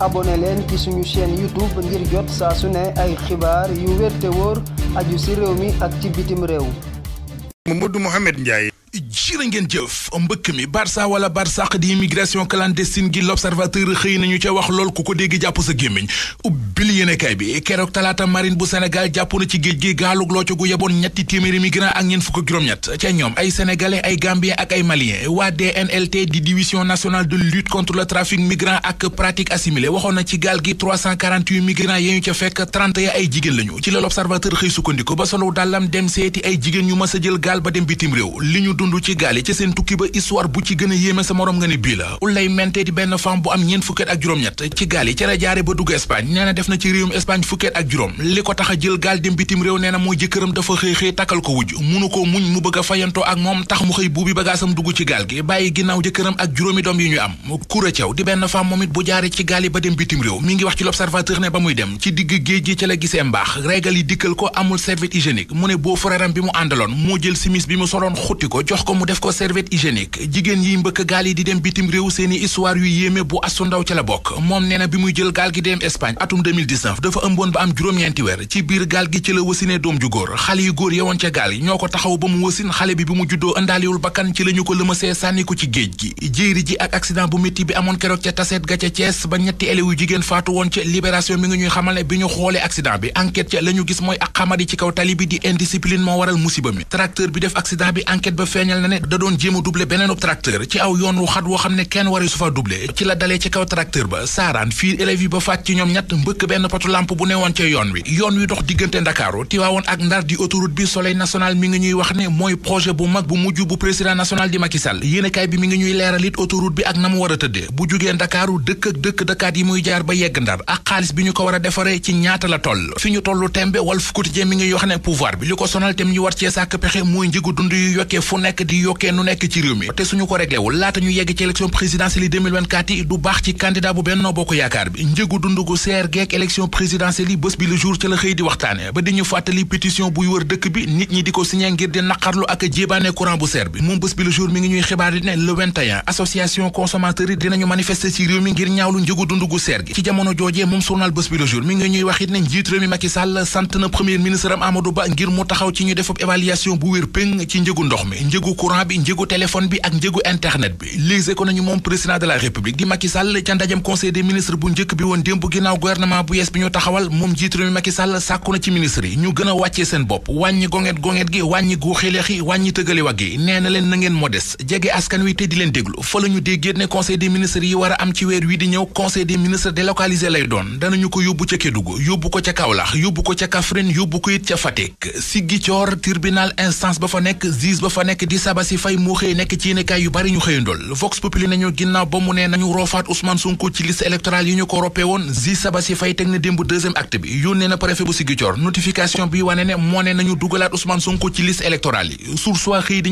abonné leen ci suñu chaîne YouTube ngir jot saa su ne ay xibaar yu wér te wóor aju ci réew mi ak ci bitim réew. Mamadou Mouhamed Ndiaye. jërë ngeen jëf mbëkk mi barça wala barsàq di immigration clandestine gi l'observateur xëy nañu ca wax lool ku ko dégg jàpp sa gémmiñ ubbil yéenekaay bi keroog talaata marine bu Sénégal jàpp na ci géej gi gaalug loo ca gu yeboon ñetti téeméeri migrant ak ñeent fukk ak juróom-ñett ca ñoom ay sénégalais ay gambien ak ay malien waa DNLT di division nationale de lutte contre le trafic migrant ak pratique assimilée waxoon na ci gaal gi 348 migrants yi ñu ca fekk 30 ba solo dàllam dem ñu mas a jël gaal ba dem bitim réew ci gaal yi ci seen tukki ba histoire bu ci gën yéeme sa morom nga ni bii la ulay mentee di benn femme bu am ñeent fukket ak juróom-ñett ci gaal yi ca la jaare ba dugg Espagne nee na def na ci réewum Espagne fukket ak juróom li ko tax a jël gaal dem bitim réew nee na mooy jëkkëram dafa xëy xëy takkal ko wujj munu ko muñ mu bëgg a fayantoo ak moom tax mu xëy buubi bagaasam dugg ci gaal gi bàyyi ginnaaw jëkkëram ak juróomi doom yi ñu am Koura Thiaw di benn femme moom it bu jaare ci gaal yi ba dem bitim réew ko amul serviette hygiénique mu ne boo frèram bi mu àndaloon moo jël simis bi mu soloon xutti ko jox ko mu def ko serviette hygiénique jigéen yiy mbëkk gaal yi di dem bitim réew seeni histoire yu yéeme bu asu ndaw ci la bokk moom nee na bi muy jël gaal gi dem Espagne atum 2019 dafa ëmboon ba am juróom-ñeenti weer ci biir gaal gi ci la wasine doom ju góor xale yu góor yewoon ca gaal yi ñoo ko taxaw ba mu wasin xale bi bi mu juddoo ëndaaliwul bakkan ci la ko lëmasee sànni ko ci géej gi jéeri ji ak accident bu métti bi amoon keroog ca taseet ga ca Thiès na ne da doon jéem a doublé beneen tracteur ci aw yoon wu xat woo xam ne kenn wari su fa doublé ci la dalee ci kaw tracteur ba saaraan fii élèves yi ba faat ci ñoom ñett mbëkk benn potu lamp bu newoon ca yoon wi yoon wi dox diggante ndakaaru tiwaawoon ak ndar di autoroute bi soleil national mi ngi ñuy wax ne mooy projet bu mag bu mujj bu président national di Macky Sall bi mi ngi ñuy leeral it bi ak na mu war a tëddee bu jugee ndakaaru dëkk di yokkee nu nekk ci réew mi te suñu ko réglé wul laata ñu yegg ci élection présidentielle yi 2024 yi du baax ci candidat bu Benno Bokk Yaakaar bi njëgu dund gu seer geek élection présidentielle yi bés bi le jour ci la xëy di waxtaane ba di ñu fàttali pétition buy wër dëkk bi nit ñi di ko signé ngir di naqarlu ak jéebaane courant bu seer bi moom bés bi la jour mi ngi ñuy xibaar di ne le 21 association consommateurs yi dinañu manifester ci réew mi ngir ñaawlu njëgu dund gu seer gi ci jamono joojee moom journal bés bi le jour mi ngi ñuy wax it ne njiit réew mi Macky Sall sant na premier ministre am Amadou Ba ngir mu taxaw ci ñu defab évaluation bu wér péng ci njëgu ndox mi njëgu courant bi njëgu téléphone bi ak njëgu internet bi lisé ko nañu moom président de la république di Macky ca ndajem conseil des ministres bu njëkk bi woon démb ginnaaw gouvernement bu yees bi ñu taxawal moom jiitu mi Macky sàkku na ci ministre yi ñu gën a seen bopp wàññi gonget gonget gi wàññi guuxileex wàññi tëgali yi nee na leen na ngeen modeste jege askan wi te di leen déglu fa la ñu ne conseil des ministres yi war am ci weer wi Sabassi Faye xëy nekk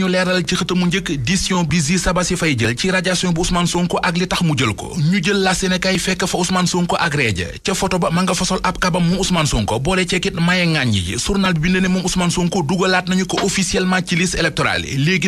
leeral ci njëkk décision bi Zi Sabassi Faye jël ci radiation bu Ousmane Sonko boole ceekit maye ngaañ yi journal bi bind ne moom Ousmane Sonko dugalaat nañu ko officiellement ci liste électorale yi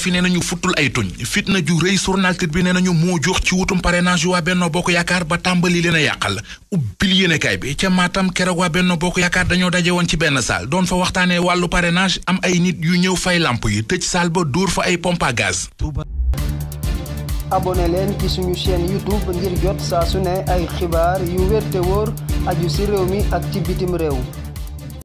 fi nee nañu futtul ay tuñ fitna ju rëy journal bi nee nañu moo jox ci wutum parrainage waa Benno Bokk Yaakaar ba tàmbali leen a yàqal ubbil yéenekaay bi ca Matam keroog waa Benno Bokk Yaakaar dañoo daje woon ci benn salle doon fa waxtaanee wàllu parrainage am ay nit yu ñëw fay làmp yi tëj salle ba dóor fa ay pompe à gaz. abonné leen ci suñu chaîne YouTube ngir jot saa su ne ay xibaar yu wér te wóor aju ci réew mi ak ci bitim réew.